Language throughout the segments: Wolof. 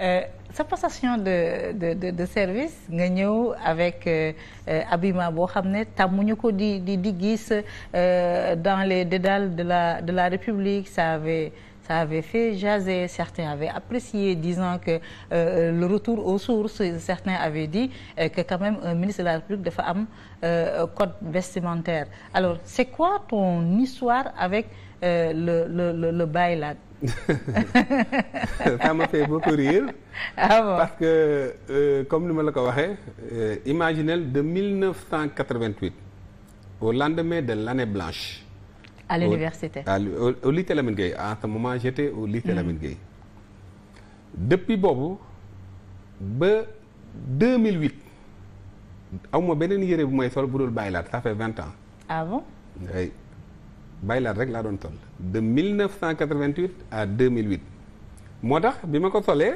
Euh, sa passation de de de, service nga ñëw avec habillement euh, euh, boo xam ne tàmmuñu ko di di di gis dans les dédales de la de la République ça avait ça avait fait jaser certains avaient apprécié disant que euh, le retour aux sources certains avaient dit euh, que quand même un ministre de la République dafa am euh, euh, code vestimentaire alors c'est quoi ton histoire avec euh, le le le le bailage ça m'a fait beaucoup rire. Ah parce que comme ni ma la ko waxee imaginel de 1988 au lendemain de l'année blanche À l'université. Au, au, au, lycée Lamine Gueye. moment, j'étais au lycée mm. Lamine Gueye. Depuis boobu ba 2008 awma beneen yére bu may sol bu dul baylaat ça fait vingt ans. ah bon. ay baylaat rek laa doon sol. de 1988 à 2008 moo tax bi ma ko solee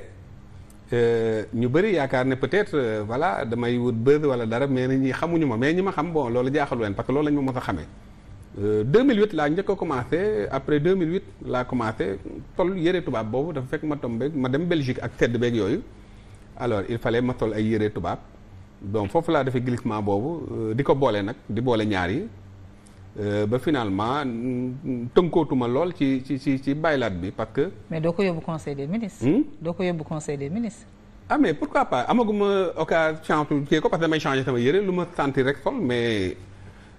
euh, ñu bëri yaakaar ne peut-être euh, voilà damay wut buzz wala dara mais nit ñi xamuñu ma mais ñi ma xam bon loolu jaaxalu leen parce que loolu lañ ma mos a xamee. Euh, deux 2008 laa njëkk a commencé après 2008 laa commencé tol yëre tubaab boobu dafa fekk ma tombé ma dem Belgique ak sedd beeg yooyu alors il fallait ma tol ay yëre tubaab donc foofu laa defee glissement boobu euh, di ko boole nag di boole ñaar yi euh, ba finalement mm, tënkootuma lool ci ci ci ci baylaat bi parce que. mais doo ko yóbbu conseil des ministres. Hmm? doo ko yóbbu conseil des ministres. ah mais pourquoi pas amaguma occasion chance kii ko parce damay changé lu ma sentir rek sol mais.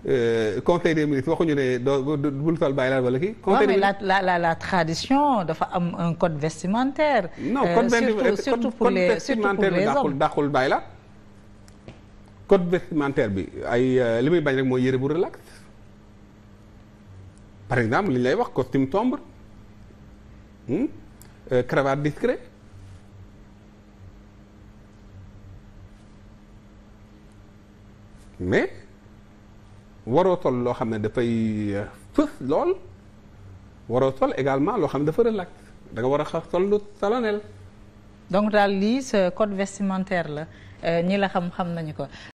Euh, conseil des ministres waxuñu ne doo bul sol bàyyi laal wala kii. conseil des ministres la la la tradition dafa am un code vestimentaire. non code vestimentaire surtout pour les bi ay euh, li muy bañ rek mooy yére bu relax par exemple li lay wax costume sombre hmm? euh, cravate discret mais. waroo toll loo xam ne dafay euh, fës lool waroo toll également loo xam ne dafa relax danga nga war a xas toll donc daal lii sa code vestimentaire la euh, ñi la xam xam nañu ko